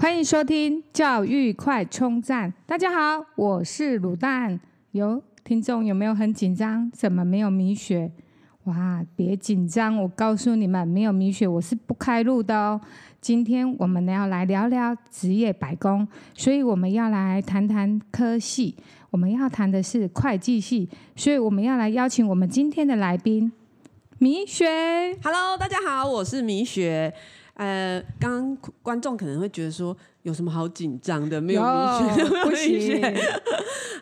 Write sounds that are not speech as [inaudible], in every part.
歡迎收聽教育快充站。大家好，我是滷蛋。喲，聽眾有沒有很緊張？怎麼沒有米血？哇，別緊張，我告訴你們，沒有米血我是不開路的哦。今天我們要來聊聊職業百工，所以我們要來談談科系，我們要談的是會計系，所以我們要來邀請我們今天的來賓米血。Hello，大家好，我是米血。呃，剛剛觀眾可能會覺得說。有什麼好緊張的？沒有明確，不行。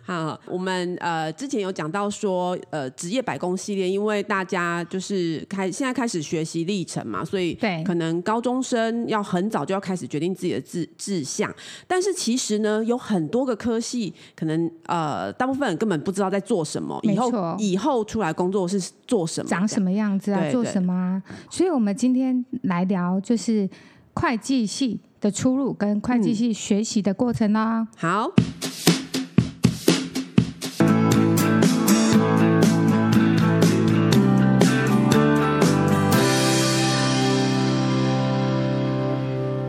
好，我們呃之前有講到說，呃職業百工系列，因為大家就是開現在開始學習歷程嘛，所以可能高中生要很早就要開始決定自己的志志向。但是其實呢，有很多個科系，可能呃大部分人根本不知道在做什麼，錯以後以後出來工作是做什麼，長什麼樣子啊，對做什麼啊。嗯、所以我們今天來聊就是會計系的出路跟會計系學習的過程啦、哦嗯。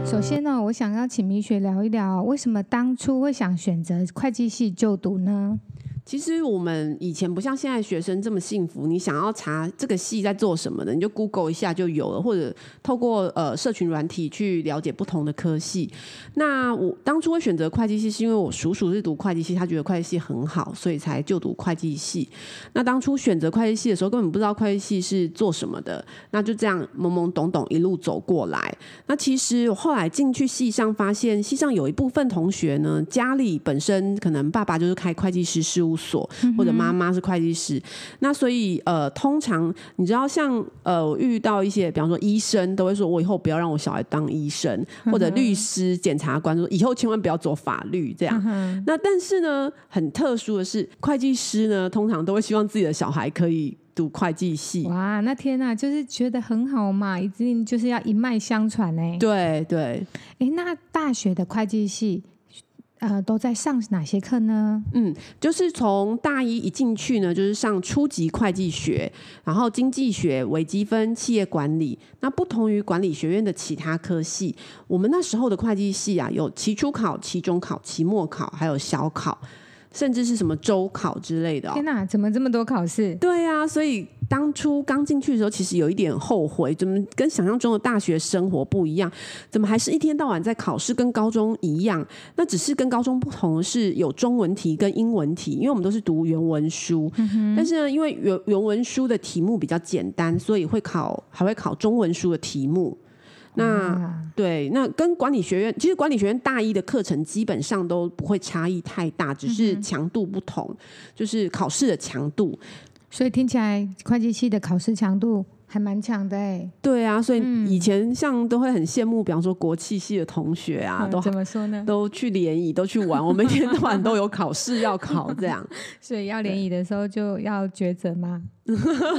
好，首先呢、哦，我想要請米血聊一聊，為什麼當初會想選擇會計系就讀呢？其實我們以前不像現在學生這麼幸福，你想要查這個系在做什麼的，你就 Google 一下就有了，或者透過呃社群軟體去了解不同的科系。那我當初會選擇會計系，是因為我叔叔是讀會計系，他覺得會計系很好，所以才就讀會計系。那當初選擇會計系的時候，根本不知道會計系是做什麼的，那就這樣懵懵懂懂一路走過來。那其實我後來進去系上發現，系上有一部分同學呢，家裡本身可能爸爸就是開會計師事務。所或者媽媽是會計師，嗯、哼那所以呃，通常你知道像，像呃，我遇到一些，比方說醫生都會說，我以後不要讓我小孩當醫生，嗯、哼或者律師、檢察官，說以後千萬不要走法律這樣。嗯、哼那但是呢，很特殊的是，會計師呢，通常都會希望自己的小孩可以讀會計系。哇，那天吶、啊，就是覺得很好嘛，一定就是要一脈相傳呢、欸。對對，誒，那大學的會計系。呃，都在上哪些課呢？嗯，就是從大一一進去呢，就是上初級會計學，然後經濟學、微積分、企業管理。那不同於管理學院的其他科系，我們那時候的會計系啊，有期初考、期中考、期末考，還有小考。甚至是什麼周考之類的，哦！天哪，啊，怎麼這麼多考試？對啊，所以當初剛進去的時候，其實有一點後悔，怎麼跟想象中的大學生活不一樣？怎麼還是一天到晚在考試，跟高中一樣？那只是跟高中不同，是有中文題跟英文題，因為我們都是讀原文書。嗯、哼但是呢，因為原原文書的題目比較簡單，所以會考還會考中文書的題目。那對，那跟管理學院其實管理學院大一的課程基本上都不會差異太大，只是強度不同，嗯、哼就是考試的強度。所以聽起來會計系的考試強度。還蠻強的哎、欸，對啊，所以以前像都會很羨慕，比方說國際系的同學啊，嗯、都怎麼說呢？都去聯誼，都去玩。我們每天都晚都有考試要考，這樣， [laughs] 所以要聯誼的時候就要抉擇嗎？對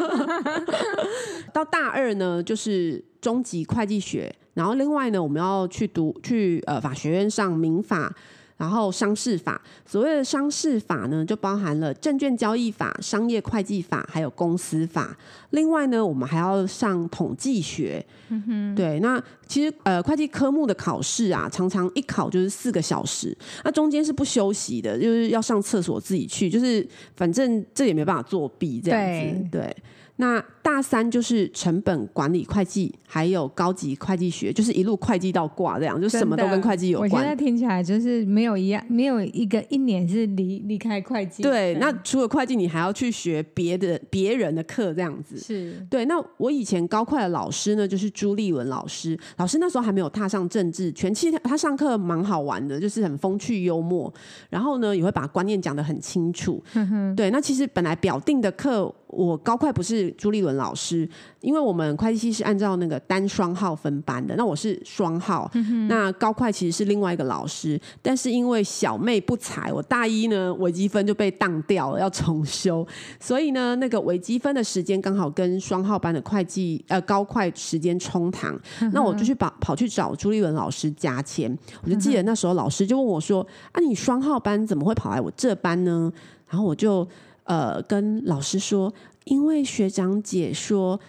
[laughs] [laughs] 到大二呢，就是中級會計學，然後另外呢，我們要去讀去呃法學院上民法。然後商事法，所謂的商事法呢，就包含了證券交易法、商業會計法，還有公司法。另外呢，我們還要上統計學。嗯哼，對，那其實呃，會計科目的考試啊，常常一考就是四個小時，那中間是不休息的，就是要上廁所自己去，就是反正這也沒辦法作弊這樣子。對。對。那大三就是成本管理會計，還有高級會計學，就是一路會計到掛這樣，就什麼都跟會計有關。我現在聽起來就是沒有一樣，沒有一個一年是離離開會計。對，那除了會計，你還要去學別的別人的課這樣子。是，對。那我以前高會的老師呢，就是朱立文老師，老師那時候還沒有踏上政治圈，其實他，他上課蠻好玩的，就是很風趣幽默，然後呢也會把觀念講得很清楚。呵呵對，那其實本來表定的課。我高會不是朱立倫老師，因為我們會計系是按照那個單雙號分班的，那我是雙號，嗯、哼那高會其實是另外一個老師，但是因為小妹不才，我大一呢微積分就被當掉了，要重修，所以呢那個微積分的時間剛好跟雙號班的會計呃高會時間衝堂，嗯、哼那我就去把跑去找朱立倫老師加簽，我就記得那時候老師就問我說，嗯、哼啊你雙號班怎麼會跑來我這班呢？然後我就。呃，跟老師說，因為學長姐說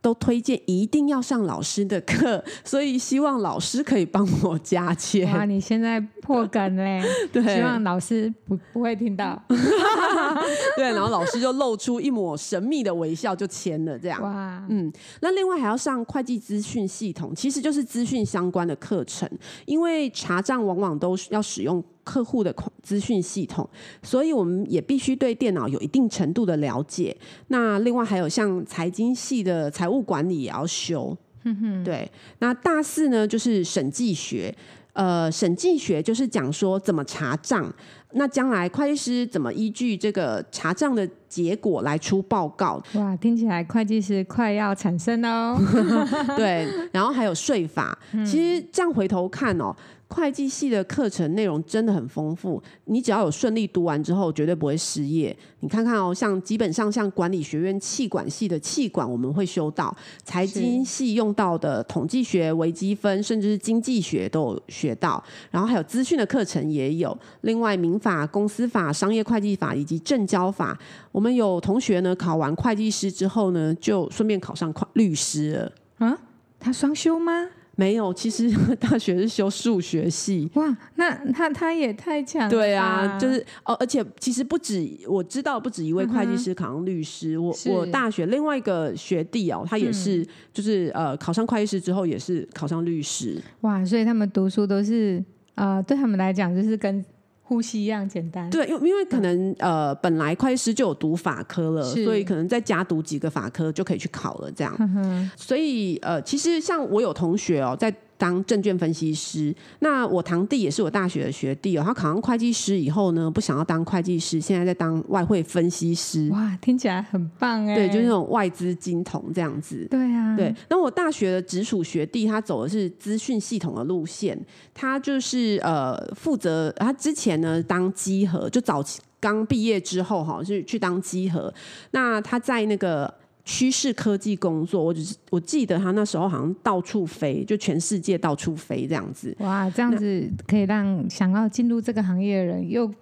都推薦一定要上老師的課，所以希望老師可以幫我加簽。哇，你現在破梗嘞！ [laughs] 對，希望老師不不會聽到。 [laughs] [laughs] 對，然後老師就露出一抹神秘的微笑，就簽了這樣。哇，嗯，那另外還要上會計資訊系統，其實就是資訊相關的課程，因為查賬往往都要使用。客戶的資訊系統，所以我們也必須對電腦有一定程度的了解。那另外還有像財經系的財務管理也要修，嗯、哼對。那大四呢就是審計學，呃，審計學就是講說怎麼查賬。那將來會計師怎麼依據這個查賬的結果來出報告？哇，聽起來會計師快要產生哦。 [laughs] [laughs] 對，然後還有稅法。其實這樣回頭看哦。會計系的課程內容真的很豐富，你只要有順利讀完之後，絕對不會失業。你看看哦，像基本上像管理學院企管系的企管，我們會修到財經系用到的統計學、微積分，甚至是經濟學都有學到。然後還有資訊的課程也有，另外民法、公司法、商業會計法以及證交法，我們有同學呢考完會計師之後呢，就順便考上律師了。啊，他雙修嗎？沒有，其實大學是修數學系。哇，那他他也太強了，啊。對啊，就是哦、呃，而且其實不止我知道，不止一位會計師考上律師。啊、哈我是我大學另外一個學弟哦，他也是，是就是呃考上會計師之後也是考上律師。哇，所以他們讀書都是啊、呃，對他們來講就是跟。呼吸一樣簡單，對，因因為可能對呃，本來會計師就有讀法科了，是所以可能再加讀幾個法科就可以去考了，這樣。呵呵所以呃，其實像我有同學哦，在。當證券分析師，那我堂弟也是我大學的學弟哦。他考上會計師以後呢，不想要當會計師，現在在當外匯分析師。哇，聽起來很棒哎！對，就是那種外資金童這樣子。對啊，對。那我大學的直屬學弟，他走的是資訊系統的路線，他就是呃負責。他之前呢，當稽核，就早期剛畢業之後哈、哦，是去當稽核。那他在那個。趨勢科技工作，我只是我記得他那時候好像到處飛，就全世界到處飛這樣子。哇，這樣子可以讓想要進入這個行業的人又。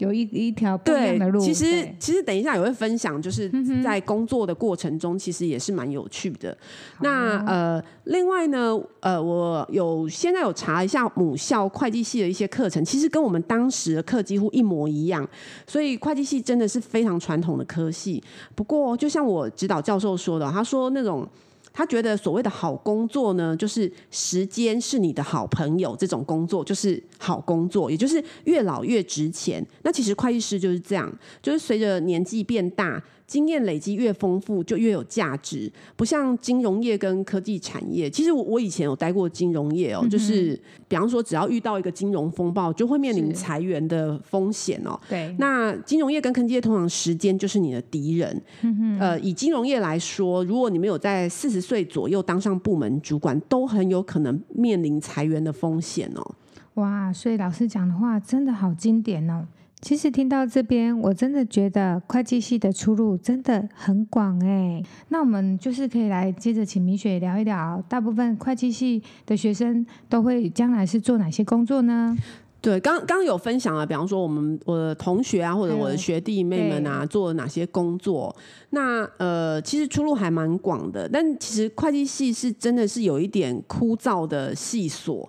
有一一條不同的路。其實對其實等一下也會分享，就是在工作的過程中，其實也是蠻有趣的。嗯、哼那、哦、呃，另外呢，呃，我有現在有查一下母校會計系的一些課程，其實跟我們當時的課幾乎一模一樣。所以會計系真的是非常傳統的科系。不過，就像我指導教授說的，他說那種。他覺得所謂的好工作呢，就是時間是你的好朋友，這種工作就是好工作，也就是越老越值錢。那其實會計師就是這樣，就是隨着年紀變大。經驗累積越豐富，就越有價值。不像金融業跟科技產業，其實我我以前有待過金融業哦，嗯哼，就是比方說，只要遇到一個金融風暴，就會面臨裁員的風險哦。對，那金融業跟科技業通常時間就是你的敵人。嗯哼，呃，以金融業來說，如果你沒有在四十歲左右當上部門主管，都很有可能面臨裁員的風險哦。哇，所以老師講的話真的好經典哦。其實聽到這邊，我真的覺得會計系的出路真的很廣哎。那我們就是可以來接着請米血聊一聊，大部分會計系的學生都會將來是做哪些工作呢？對，剛剛有分享了，比方說我們我的同學啊，或者我的學弟妹們啊，嗯、做了哪些工作。那呃，其實出路還蠻廣的，但其實會計系是真的是有一點枯燥的細瑣。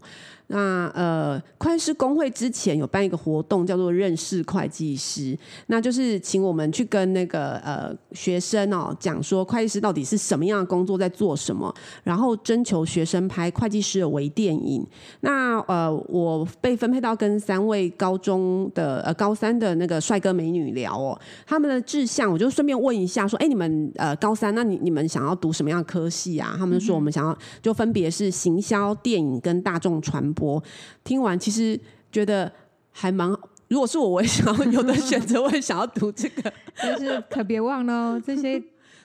那呃，會計師工會之前有辦一個活動，叫做認識會計師。那就是請我們去跟那個呃學生哦講說會計師到底是什麼樣的工作，在做什麼，然後徵求學生拍會計師的微電影。那呃，我被分配到跟三位高中的呃高三的那個帥哥美女聊哦，他們的志向，我就順便問一下說，哎，你們呃高三，那你你們想要讀什麼樣的科系啊？他們說我們想要就分別是行銷、電影跟大眾傳播。我聽完，其實覺得還蠻……如果是我，我也想要有的選擇，我也想要讀這個，但 [laughs] 是可別忘了、哦、這些。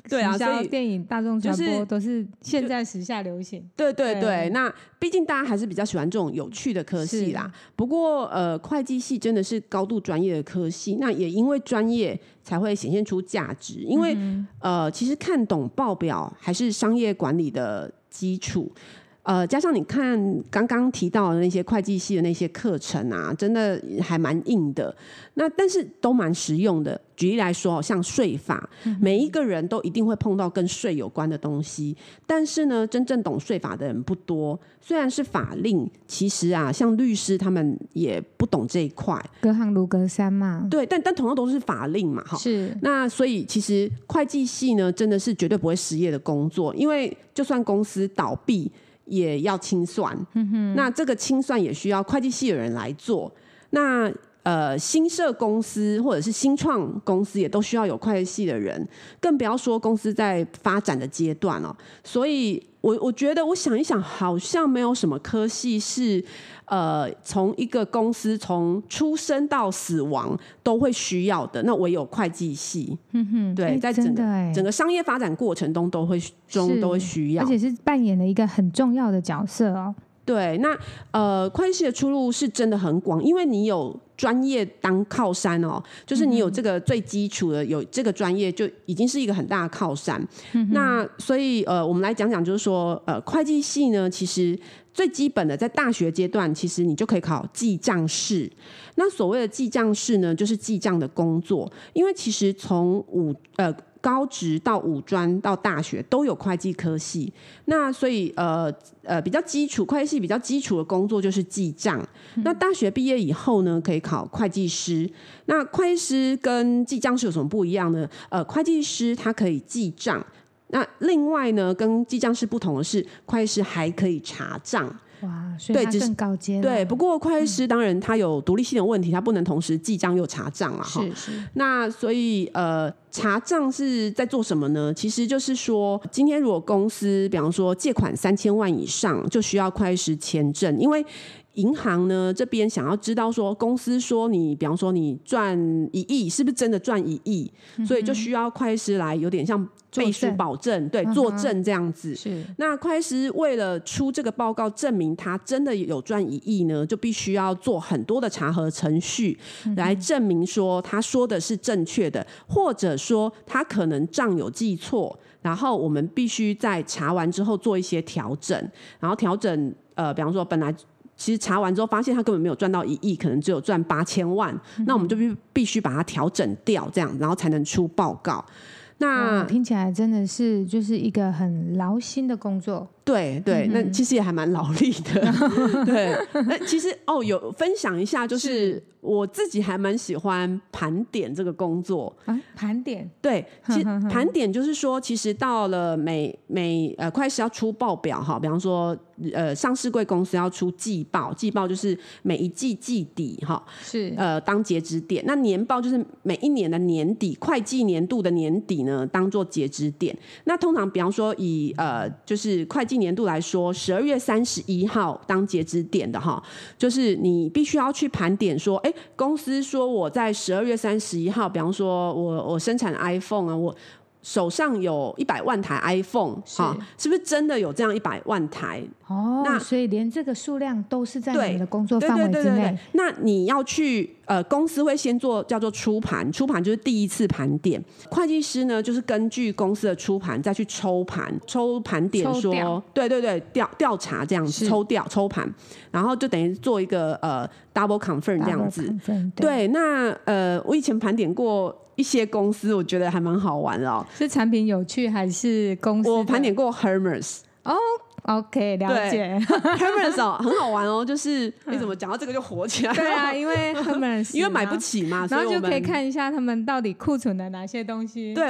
對啊，所以電影、大眾傳播都是現在時下流行。對對， [laughs] 對對對，那畢竟大家還是比較喜歡這種有趣的科系啦。的不過，呃，會計系真的是高度專業的科系，那也因為專業才會顯現出價值。因為、嗯、呃，其實看懂報表還是商業管理的基礎。呃，加上你看剛剛提到的那些會計系的那些課程啊，真的還蠻硬的。那但是都蠻實用的。舉例來說，像稅法，每一個人都一定會碰到跟稅有關的東西。但是呢，真正懂稅法的人不多。雖然是法令，其實啊，像律師他們也不懂這一塊。隔行如隔山嘛。對，但但同樣都是法令嘛，哈。是。那所以其實會計系呢，真的是絕對不會失業的工作，因為就算公司倒閉，也要清算，嗯哼，那這個清算也需要會計系的人來做。那呃，新設公司或者是新創公司也都需要有會計系的人，更不要說公司在發展的階段了，哦。所以。我我覺得，我想一想，好像沒有什麼科系是，呃，從一個公司從出生到死亡都會需要的。那唯有會計系，嗯哼對，欸、在整個整個商業發展過程中都會中是都會需要，而且是扮演了一個很重要的角色哦。對，那呃，會計系的出路是真的很廣，因為你有專業當靠山哦，就是你有這個最基礎的有這個專業，就已經是一個很大的靠山。嗯、哼那所以呃，我們來講講，就是說呃，會計系呢，其實最基本的在大學階段，其實你就可以考記帳士。那所謂的記帳士呢，就是記帳的工作，因為其實從五呃。高職到五專到大學都有會計科系，那所以呃，呃，比較基礎會計系比較基礎的工作就是記賬。嗯。那大學畢業以後呢，可以考會計師。那會計師跟記賬師有什麼不一樣呢？呃，會計師他可以記賬，那另外呢，跟記賬師不同的是，會計師還可以查賬。哇，更高對，只是高階。對，不過，會計師當然他有獨立性的問題，嗯、他不能同時記賬又查賬了哈。是是。那所以呃，查賬是在做什麼呢？其實就是說，今天如果公司比方說借款三千萬以上，就需要會計師簽證，因為。銀行呢這邊想要知道說，公司說你，比方說你賺一億，是不是真的賺一億？嗯、哼所以就需要會計師來有點像背書保證，正對，嗯、哼作證這樣子。是。那會計師為了出這個報告，證明他真的有賺一億呢，就必須要做很多的查核程序，來證明說他說的是正確的，嗯、哼或者說他可能賬有記錯，然後我們必須在查完之後做一些調整，然後調整呃，比方說本來。其實查完之後，發現他根本沒有賺到一億，可能只有賺八千萬。嗯、哼那我們就必必須把它調整掉，這樣然後才能出報告。那、嗯、聽起來真的是就是一個很勞心的工作。對對，那其實也還蠻勞力的。嗯、哼對，那其實哦，有分享一下，就是，是我自己還蠻喜歡盤點這個工作。盤點，對，其實盤點就是說，其實到了每每呃，快要出報表哈、哦，比方說呃，上市櫃公司要出季報，季報就是每一季季底哈，哦、是呃當截止點。那年報就是每一年的年底，會計年度的年底呢，當做截止點。那通常比方說以呃，就是會計。年度來說，十二月三十一號當截止點的哈，就是你必須要去盤點說，哎、欸，公司說我在十二月三十一號，比方說我我生產 iPhone 啊，我。手上有一百萬台 iPhone，哈是、哦，是不是真的有這樣一百萬台？哦，那所以連這個數量都是在你的工作範圍之內。對對對對對對對，那你要去呃，公司會先做叫做出盤，出盤就是第一次盤點。會計師呢，就是根據公司的出盤再去抽盤，抽盤點說，掉對對對，調調查這樣子，是抽掉抽盤，然後就等於做一個呃 double confirm 這樣子。Confirm, 對，對，那呃，我以前盤點過。一些公司我覺得還蠻好玩的哦，是產品有趣還是公司？我盤點過 Hermes 哦、oh,，OK，了解對 [laughs] Hermes 哦， [laughs] 很好玩哦。就是你、嗯欸、怎麼講到這個就火起來、哦？對啊，因為 Hermes， [laughs] 因為買不起嘛，嗎所以然後就可以看一下他們到底庫存的哪些東西。對。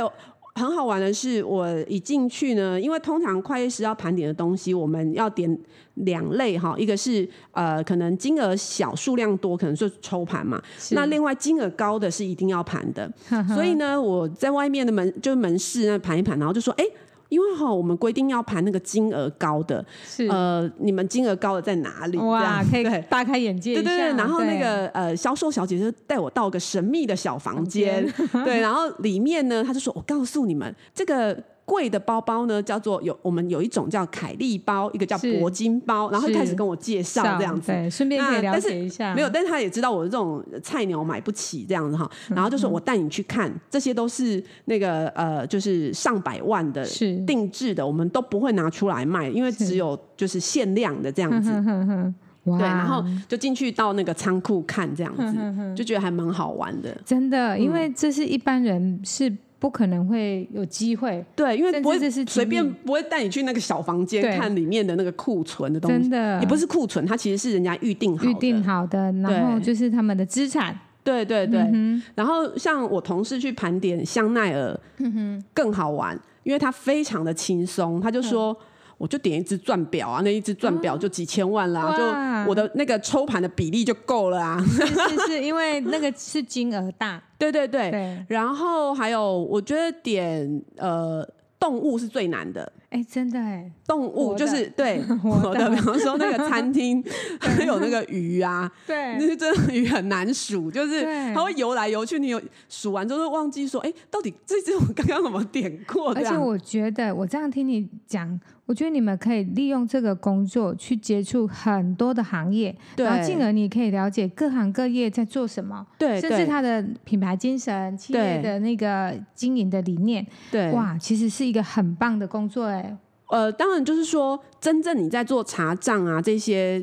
很好玩的是，我一進去呢，因為通常會計師要盤點的東西，我們要點兩類哈，一個是呃可能金額小、數量多，可能是抽盤嘛。是那另外金額高的是一定要盤的。 [laughs] 所以呢，我在外面的門就是門市那盤一盤，然後就說誒。欸因為哈、哦，我們規定要盤那個金額高的，是呃，你們金額高的在哪裡？哇，對，可以大開眼界一下對對對，然後那個對呃，銷售小姐就帶我到個神秘的小房間，房間 [laughs] 對，然後裡面呢，她就說：“我告訴你們，這個。”貴的包包呢，叫做有我們有一種叫凱利包，一個叫鉑金包，是然後開始跟我介紹這樣子，順便可以了解一下。沒有，但是他也知道我這種菜鳥買不起這樣子哈，嗯、哼然後就說我帶你去看，這些都是那個呃，就是上百萬的是定製的，我們都不會拿出來賣，因為只有就是限量的這樣子。是對，嗯、哼哼哇！然後就進去到那個倉庫看這樣子，就覺得還蠻好玩的。真的，嗯、因為這是一般人是。不可能會有機會，對，因為不會隨便，不會帶你去那個小房間看裡面的那個庫存的東西。真的，也不是庫存，它其實是人家預定好的。預定好的，然後就是他們的資產。對,對對對，嗯哼，然後像我同事去盤點香奈兒，嗯哼，更好玩，因為他非常的輕鬆，他就說。嗯我就點一隻鑽表啊，那一隻鑽表就幾千萬啦、啊，哇就我的那個抽盤的比例就夠了啊。是是，是因為那個是金額大， [laughs] 對，對對對。對，然後還有，我覺得點呃動物是最難的。哎、欸，真的、欸，動物的就是對我的，我的，比方說那個餐廳還有那個魚啊，對，那些真的魚很難數，就是它會游來游去，你有數完之後都忘記說，哎、欸，到底這隻我剛剛怎麼點過？而且我覺得我這樣聽你講。我覺得你們可以利用這個工作去接觸很多的行業，對然後進而你可以了解各行各業在做什麼，對甚至它的品牌精神、對企業的那個經營的理念。對，哇，其實是一個很棒的工作哎。呃，當然就是說，真正你在做查賬啊這些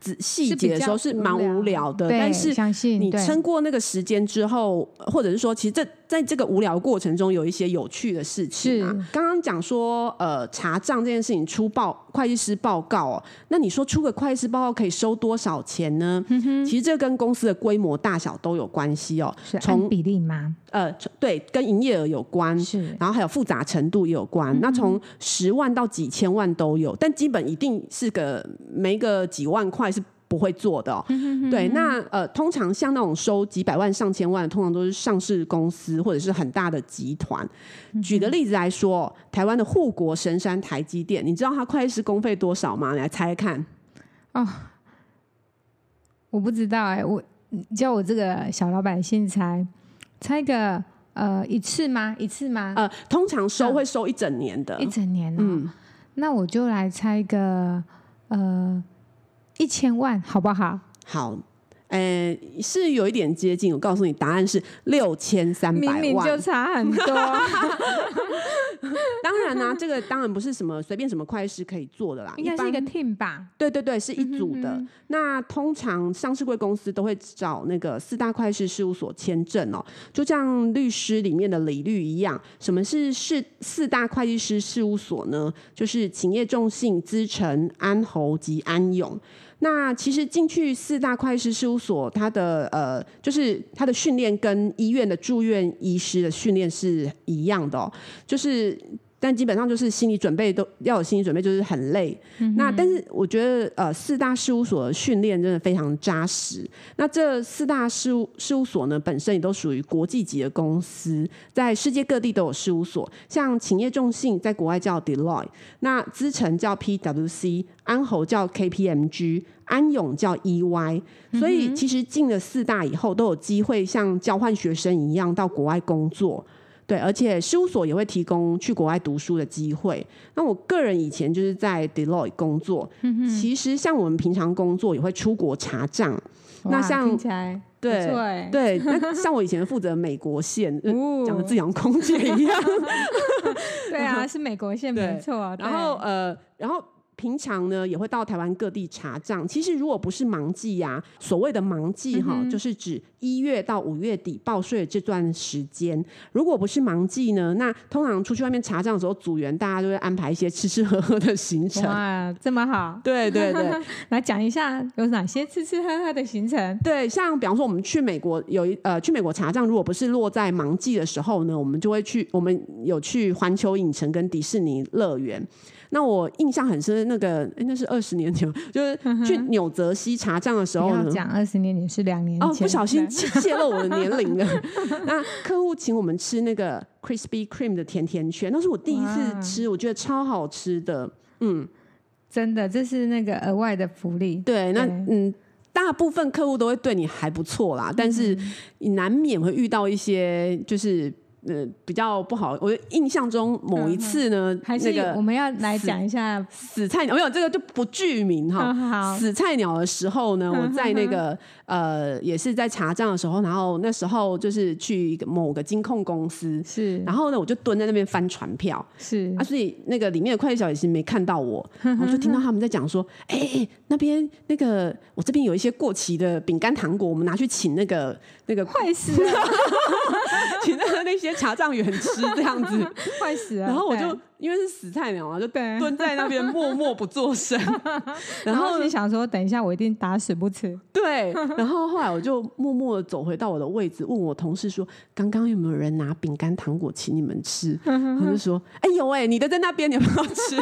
細節的時候是蠻無聊的，是比較無聊，但是你撐過那個時間之後，對或者是說其實這。在這個無聊過程中，有一些有趣的事情啊。剛剛講說，呃，查賬這件事情出報會計師報告哦，哦，那你說出個會計師報告可以收多少錢呢？嗯哼，其實這個跟公司的規模大小都有關係哦。是按比例嗎？呃，對，跟營業額有關，是，然後還有複雜程度也有關。嗯哼，那從十萬到幾千萬都有，但基本一定是個沒個幾萬塊是。不會做的、哦，嗯、哼對，那呃，通常像那種收幾百萬、上千萬，通常都是上市公司或者是很大的集團。舉個例子來說，嗯、哼台灣的護國神山台積電，你知道它會計師公費多少嗎？你來猜猜看。哦，我不知道哎、欸，我叫我這個小老百姓猜，猜個呃一次嗎？一次嗎？呃，通常收會收一整年的，嗯、一整年、啊、嗯，那我就來猜個呃。一千萬好不好？好，呃、欸，是有一點接近。我告訴你，答案是六千三百萬，明明就差很多。 [laughs] [laughs] 當然啦、啊，這個當然不是什麼隨便什麼會計師可以做的啦，應該是一個 team 吧？對對對，是一組的。嗯嗯，那通常上市櫃公司都會找那個四大會計師事務所簽證哦、喔，就像律師裡面的理律一樣。什麼是四四大會計師事務所呢？就是勤業、眾信、資誠、安侯及安永。那其實進去四大會計師事務所，他的呃，就是他的訓練跟醫院的住院醫師的訓練是一樣的哦，就是。但基本上就是心理準備都要有心理準備，就是很累。嗯、哼那但是我覺得呃，四大事務所的訓練真的非常紮實。那這四大事務事務所呢，本身也都屬於國際級的公司，在世界各地都有事務所。像勤業眾信在國外叫 Deloitte，那資誠叫 PWC，安侯叫 KPMG，安永叫 EY。所以其實進了四大以後，都有機會像交換學生一樣到國外工作。對，而且事務所也會提供去國外讀書的機會。那我個人以前就是在 Deloitte 工作，嗯、哼其實像我們平常工作也會出國查賬。哇那像對對，那像我以前負責美國線、哦，呃，講得自由空姐一樣。 [laughs] [laughs] 對啊，是美國線 [laughs] 對沒錯。對然後呃，然後。平常呢也會到台灣各地查賬。其實如果不是忙季呀，所謂的忙季哈，嗯、哼就是指一月到五月底報稅這段時間。如果不是忙季呢，那通常出去外面查賬的時候，組員大家都會安排一些吃吃喝喝的行程。哇，這麼好！對對對，對對 [laughs] 來講一下有哪些吃吃喝喝的行程？對，像比方說我們去美國有一呃，去美國查賬，如果不是落在忙季的時候呢，我們就會去，我們有去環球影城跟迪士尼樂園。那我印象很深，那個、欸，那是二十年前，就是去紐澤西查賬的時候，講二十年前是兩年哦，不小心對，洩露我的年齡了。 [laughs] 那客戶請我們吃那個 Krispy Kreme 的甜甜圈，那是我第一次吃，哇我覺得超好吃的。嗯，真的，這是那個額外的福利。對，那對，嗯，大部分客戶都會對你還不錯啦，但是你難免會遇到一些就是。呃，比較不好。我印象中某一次呢，那個我們要來講一下死菜鳥，沒有這個就不具名哈。死菜鳥的時候呢，我在那個呃，也是在查賬的時候，然後那時候就是去某個金控公司，是，然後呢，我就蹲在那邊翻傳票，是啊，所以那個裡面的快遞小姐是沒看到我，我就聽到他們在講說，哎，那邊那個我這邊有一些過期的餅乾糖果，我們拿去請那個那個快遞請那個那些。查賬員吃這樣子，壞死啊！然後我就因為是死菜鳥嘛、啊，就對，蹲在那邊默默不作聲。然後心想說，等一下我一定打死不吃。對。然後後來我就默默的走回到我的位置，問我同事說，剛剛有沒有人拿餅乾糖果請你們吃？他就說，哎呦喂，你的在那邊，你有沒有吃？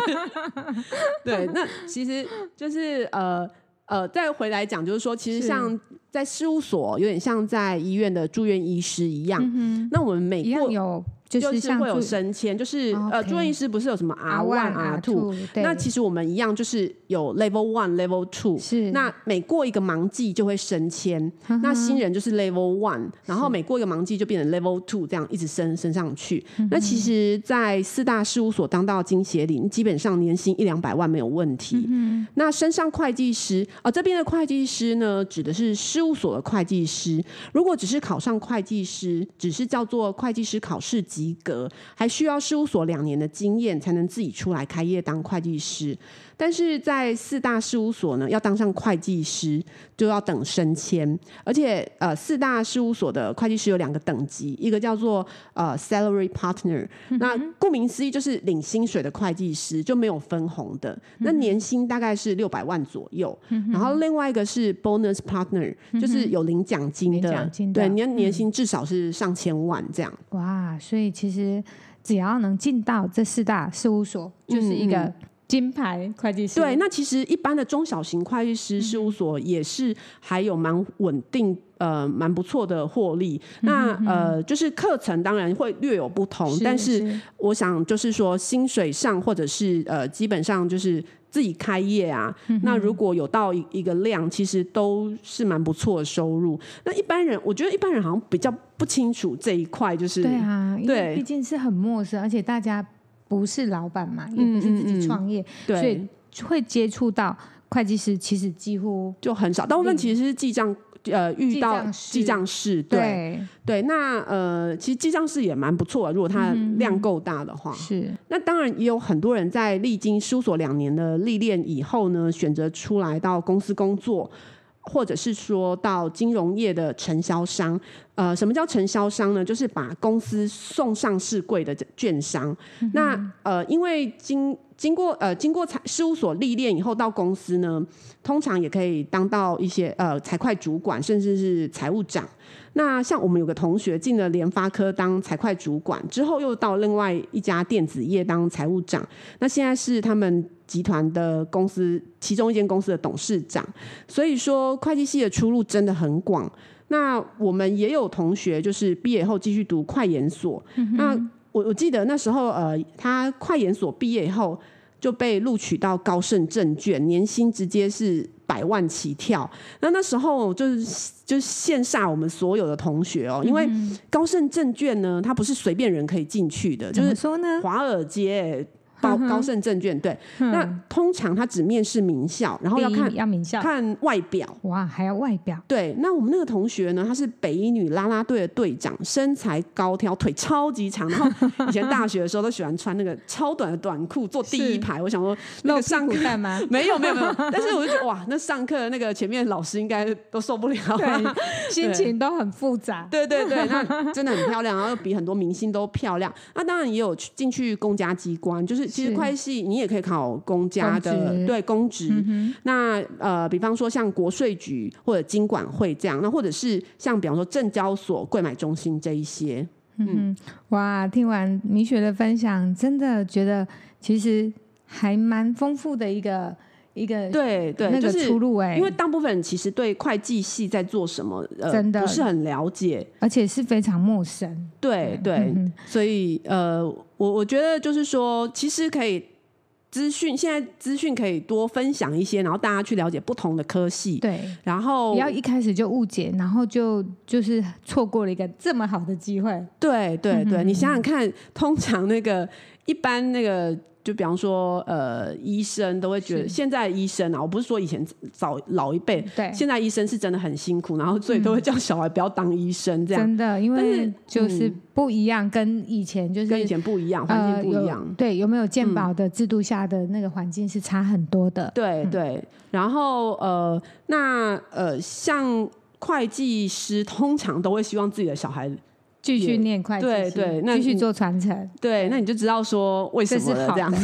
對，那其實就是呃。呃，再回來講，就是說，其實像在事務所，有點像在醫院的住院醫師一樣。是那我們每個。就是會有升遷，就是呃，住院醫師不是有什麼 R one R 2, 對、R two，那其實我們一樣，就是有 Le 1, Level one 是、Level two。是那每過一個忙季就會升遷，是那新人就是 Level one，是然後每過一個忙季就變成 Level two，這樣一直升升上去。是那其實，在四大事務所當到經協理，基本上年薪一兩百萬沒有問題。是那升上會計師，啊、呃，這邊的會計師呢，指的是事務所的會計師。如果只是考上會計師，只是叫做會計師考試。及格，還需要事務所兩年的經驗，才能自己出來開業當會計師。但是在四大事務所呢，要當上會計師就要等升遷，而且呃，四大事務所的會計師有兩個等級，一個叫做呃 salary partner、嗯、哼那顧名思義就是領薪水的會計師，就沒有分紅的，那年薪大概是六百萬左右。嗯、哼然後另外一個是 bonus partner，就是有領獎金的，嗯、金的對年，年薪至少是上千萬這樣，嗯。哇，所以其實只要能進到這四大事務所，就是一個。金牌會計師對，那其實一般的中小型會計師事務所也是還有蠻穩定，嗯、哼呃，蠻不錯的獲利。那、嗯、哼哼呃，就是課程當然會略有不同，是是但是我想就是說，薪水上或者是呃，基本上就是自己開業啊，嗯、哼那如果有到一一個量，其實都是蠻不錯的收入。那一般人，我覺得一般人好像比較不清楚這一塊，就是對啊，對，因為畢竟是很陌生，而且大家。不是老闆嘛，嗯嗯嗯，也不是自己創業，對所以會接觸到會計師。其實幾乎就很少，大部分其實是記賬，嗯、呃，遇到記帳士。對對，對，那呃，其實記帳士也蠻不錯，如果它量夠大的話。嗯嗯是。那當然也有很多人在歷經事務所兩年的歷練以後呢，選擇出來到公司工作。或者是說到金融業的承銷商，呃，什麼叫承銷商呢？就是把公司送上市櫃的券商。嗯、哼那呃，因為經經過呃經過財事務所歷練以後，到公司呢，通常也可以當到一些呃財會主管，甚至是財務長。那像我們有個同學進了聯發科當財會主管之後，又到另外一家電子業當財務長，那現在是他們。集團的公司，其中一間公司的董事長，所以說會計系的出路真的很廣。那我們也有同學，就是畢業後繼續讀會研所。那我我記得那時候，呃，他會研所畢業以後就被錄取到高盛證券，年薪直接是百萬起跳。那那時候就是就羨煞我們所有的同學哦、喔，因為高盛證券呢，它不是隨便人可以進去的，就是說呢，華爾街。高盛證券對，那通常他只面試名校，然後要看要看外表，哇，還要外表對。那我們那個同學呢，她是北一女拉拉隊的隊長，身材高挑，腿超級長，然後以前大學的時候都喜歡穿那個超短的短褲坐第一排。我想說，那個上課幹嘛？沒有沒有沒有，但是我就覺得哇，那上課那個前面老師應該都受不了，心情都很複雜。對對對，那真的很漂亮，然後又比很多明星都漂亮。那當然也有去進去公家機關，就是。其實會計你也可以考公家的，對，公職。職。嗯、哼那呃，比方說像國稅局或者金管會這樣，那或者是像比方說證交所、櫃買中心這一些。嗯，嗯，哇，聽完米血的分享，真的覺得其實還蠻豐富的一個一個對對，對那個欸、就是出路哎。因為大部分人其實對會計系在做什麼，呃、真的不是很了解，而且是非常陌生。對對，對嗯、哼所以呃。我我覺得就是說，其實可以資訊，現在資訊可以多分享一些，然後大家去了解不同的科系。對，然後不要一開始就誤解，然後就就是錯過了一個這麼好的機會。對對對，你想想看，嗯、哼通常那個一般那個。就比方說，呃，醫生都會覺得是現在醫生啊，我不是說以前早老一輩，對，現在醫生是真的很辛苦，然後所以都會叫小孩不要當醫生，這樣真的，嗯、是因為就是不一樣，跟以前就是跟以前不一樣，呃、環境不一樣，對，有沒有健保的制度下的那個環境是差很多的，對、嗯、對。對嗯、然後呃，那呃，像會計師通常都會希望自己的小孩。繼續念會計系，對對，繼續做傳承，對，嗯、對，那你就知道說為什麼這，好這樣。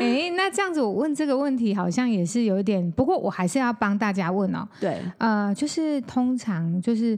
哎，那這樣子我問這個問題，好像也是有一點，不過我還是要幫大家問哦。對，呃，就是通常就是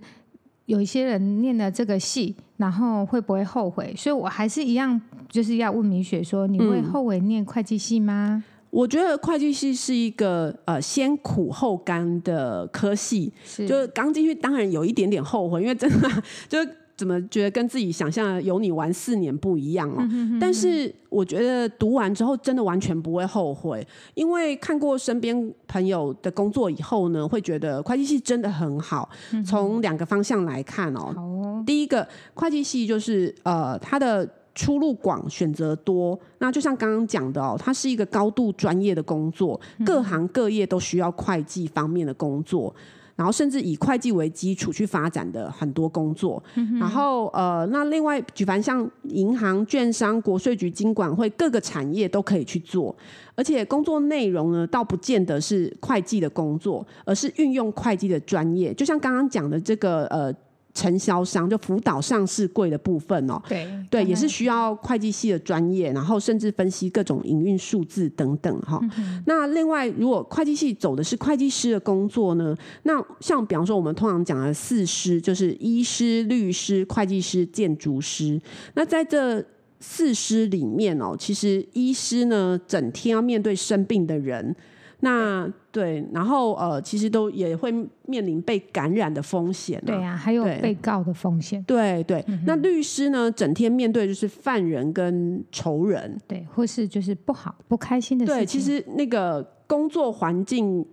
有一些人念了這個系然後會不會後悔？所以我還是一樣，就是要問米血說，你會後悔念會計系嗎？嗯、我覺得會計系是一個呃先苦後甘的科系，是就是剛進去當然有一點點後悔，因為真的 [laughs] 就怎麼覺得跟自己想象的有你玩四年不一樣哦？嗯、哼哼，但是我覺得讀完之後真的完全不會後悔，因為看過身邊朋友的工作以後呢，會覺得會計系真的很好。嗯、哼從兩個方向來看哦，哦第一個會計系就是呃，它的出路廣，選擇多。那就像剛剛講的哦，它是一個高度專業的工作，各行各業都需要會計方面的工作。嗯嗯然後甚至以會計為基礎去發展的很多工作，嗯、哼然後呃，那另外舉凡像銀行、券商、國稅局、金管會各個產業都可以去做，而且工作內容呢，倒不見得是會計的工作，而是運用會計的專業，就像剛剛講的這個呃。承銷商就輔導上市櫃的部分哦，對，對，也是需要會計系的專業，對然後甚至分析各種營運數字等等哈、哦。嗯、哼那另外，如果會計系走的是會計師的工作呢，那像比方說我們通常講的四師，就是醫師、律師、會計師、建築師。那在這四師裡面哦，其實醫師呢，整天要面對生病的人。那對，然後呃，其實都也會面臨被感染的風險。對啊，還有被告的風險。對對，對對嗯哼，那律師呢？整天面對就是犯人跟仇人。對，或是就是不好、不開心的事情。對，其實那個工作環境。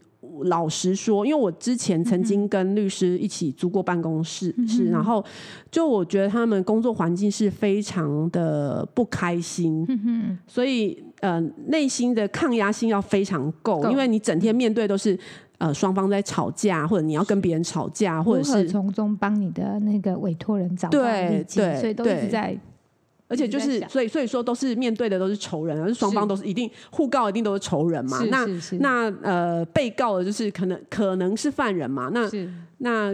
老實說，因為我之前曾經跟律師一起租過辦公室，嗯、哼是，然後就我覺得他們工作環境是非常的不開心，嗯、哼所以呃內心的抗壓性要非常夠，夠，因為你整天面對都是呃雙方在吵架，或者你要跟別人吵架，是或者是從中幫你的那個委託人找到利益，所以都是在。而且就是，所以所以說都是面對的都是仇人，而且雙方都是一定互告，一定都是仇人嘛。是是是，那那呃，被告的就是可能可能是犯人嘛。那是那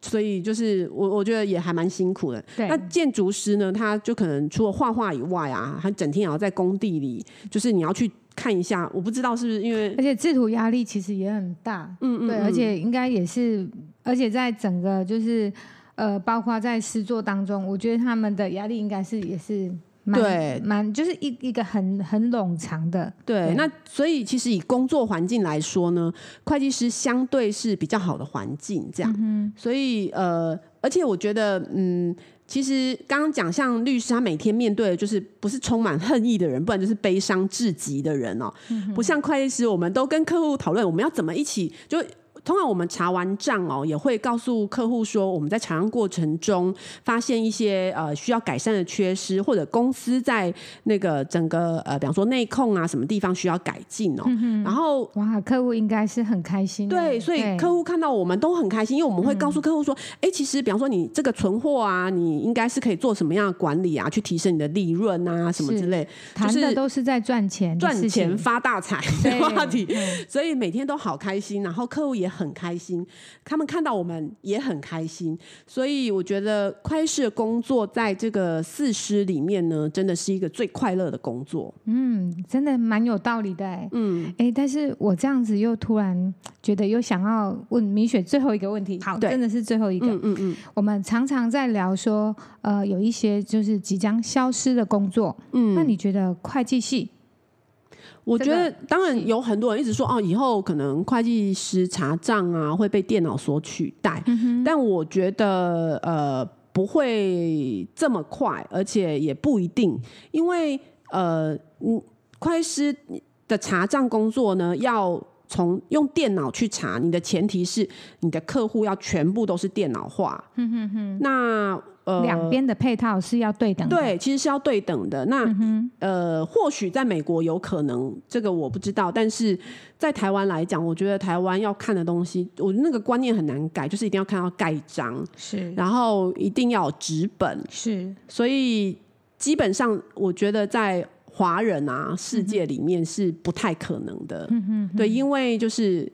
所以就是我我覺得也還蠻辛苦的。對那建築師呢，他就可能除了畫畫以外啊，他整天也要在工地裡，就是你要去看一下。我不知道是不是因為，而且製圖壓力其實也很大。嗯嗯，嗯。對，而且應該也是，而且在整個就是。呃，包括在詩作當中，我覺得他們的壓力應該是也是蠻對蠻，就是一一個很很冗長的。對，對，那所以其實以工作環境來說呢，會計師相對是比較好的環境，這樣。嗯哼。所以呃，而且我覺得，嗯，其實剛剛講像律師，他每天面對的就是不是充滿恨意的人，不然就是悲傷至極的人哦。嗯、哼不像會計師，我們都跟客戶討論，我們要怎麼一起就。通常我們查完賬哦，也會告訴客戶說，我們在查賬過程中發現一些呃需要改善的缺失，或者公司在那個整個呃，比方說內控啊什麼地方需要改進哦。嗯、哼然後哇，客戶應該是很開心。對，所以客戶看到我們都很開心，因為我們會告訴客戶說，哎、嗯哼，其實比方說你這個存貨啊，你應該是可以做什麼樣的管理啊，去提升你的利潤啊什麼之類。是就是、談的都是在賺錢、賺錢發大財的話題， [laughs] 所以每天都好開心。然後客戶也很。很開心，他們看到我們也很開心，所以我覺得會計師的工作在這個四師裡面呢，真的是一個最快樂的工作。嗯，真的蠻有道理的哎。嗯，哎、欸，但是我這樣子又突然覺得又想要問米血最後一個問題。好，真的是最後一個。嗯嗯嗯。嗯嗯，我們常常在聊說，呃，有一些就是即將消失的工作。嗯，那你覺得會計系？我覺得當然有很多人一直說是哦，以後可能會計師查賬啊會被電腦所取代，嗯、哼但我覺得呃不會這麼快，而且也不一定，因為呃，嗯，會計師的查賬工作呢，要從用電腦去查，你的前提是你的客戶要全部都是電腦化。嗯哼哼，那。呃、兩邊的配套是要對等的。對，其實是要對等的。那、嗯、哼呃，或許在美國有可能，這個我不知道。但是在台灣來講，我覺得台灣要看的東西，我那個觀念很難改，就是一定要看到蓋章，是，然後一定要有紙本，是。所以基本上，我覺得在華人啊世界裡面是不太可能的。嗯、哼對，因為就是。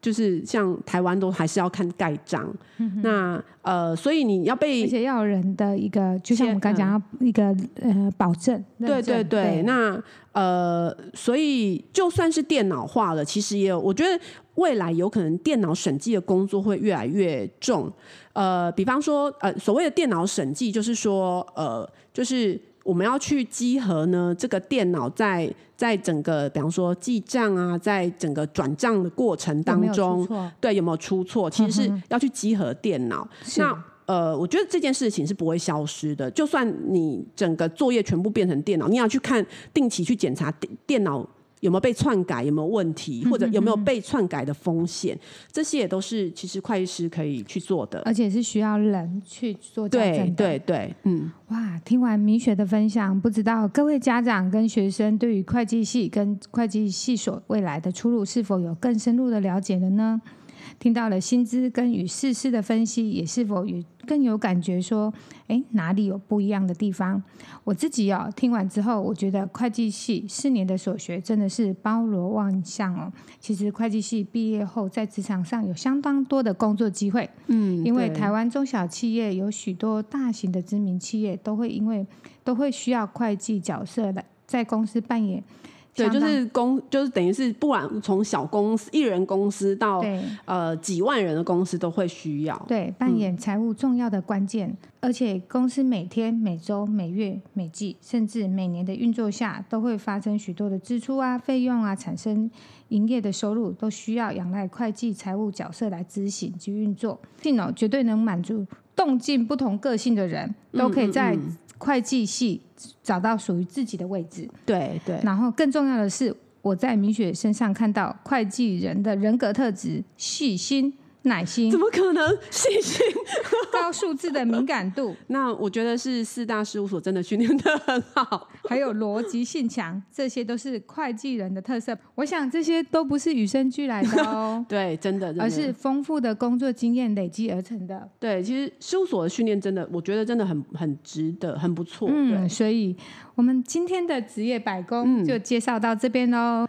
就是像台灣都還是要看蓋章，嗯、哼那呃，所以你要被一些要人的一個，就像我們剛講一個人呃保證，證對對對。對那呃，所以就算是電腦化了，其實也有我覺得未來有可能電腦審計的工作會越來越重。呃，比方說呃，所謂的電腦審計就是說呃，就是。我們要去稽核呢，這個電腦在在整個，比方說記賬啊，在整個轉賬的過程當中，有有對有沒有出錯？其實是要去稽核電腦。嗯、哼那是呃，我覺得這件事情是不會消失的，就算你整個作業全部變成電腦，你要去看定期去檢查電電腦。有沒有被篡改？有沒有問題？或者有沒有被篡改的風險？嗯嗯，這些也都是其實會計師可以去做的，而且是需要人去做調整的。對對對，嗯，哇！聽完米血的分享，不知道各位家長跟學生對於會計系跟會計系所未來的出路是否有更深入的了解了呢？聽到了薪資跟與事事的分析，也是否也更有感覺？說，哎，哪裡有不一樣的地方？我自己哦，聽完之後，我覺得會計系四年的所學真的是包羅萬象哦。其實會計系畢業後，在職場上有相當多的工作機會。嗯，因為台灣中小企業有許多大型的知名企業都會因為都會需要會計角色來在公司扮演。對，就是公，就是等於是，不管從小公司、一人公司到對呃幾萬人的公司，都會需要。對，扮演財務重要的關鍵，嗯、而且公司每天、每周、每月、每季，甚至每年的運作下，都會發生許多的支出啊、費用啊，產生營業的收入，都需要仰賴會計財務角色來執行及運作。電腦絕對能滿足動靜不同個性的人，都可以在。嗯會計系找到屬於自己的位置，對對。對，然後更重要的是，我在米血身上看到會計人的人格特質，細心。耐心？怎麼可能？細心？ [laughs] 高數字的敏感度？那我覺得是四大事務所真的訓練得很好，還有邏輯性強，這些都是會計人的特色。我想這些都不是與生俱來的哦、喔， [laughs] 對，真的，真的，而是豐富的工作經驗累積而成的。對，其實事務所的訓練真的，我覺得真的很很值得，很不錯。對，嗯，所以我們今天的職業百工就介紹到這邊嘍。嗯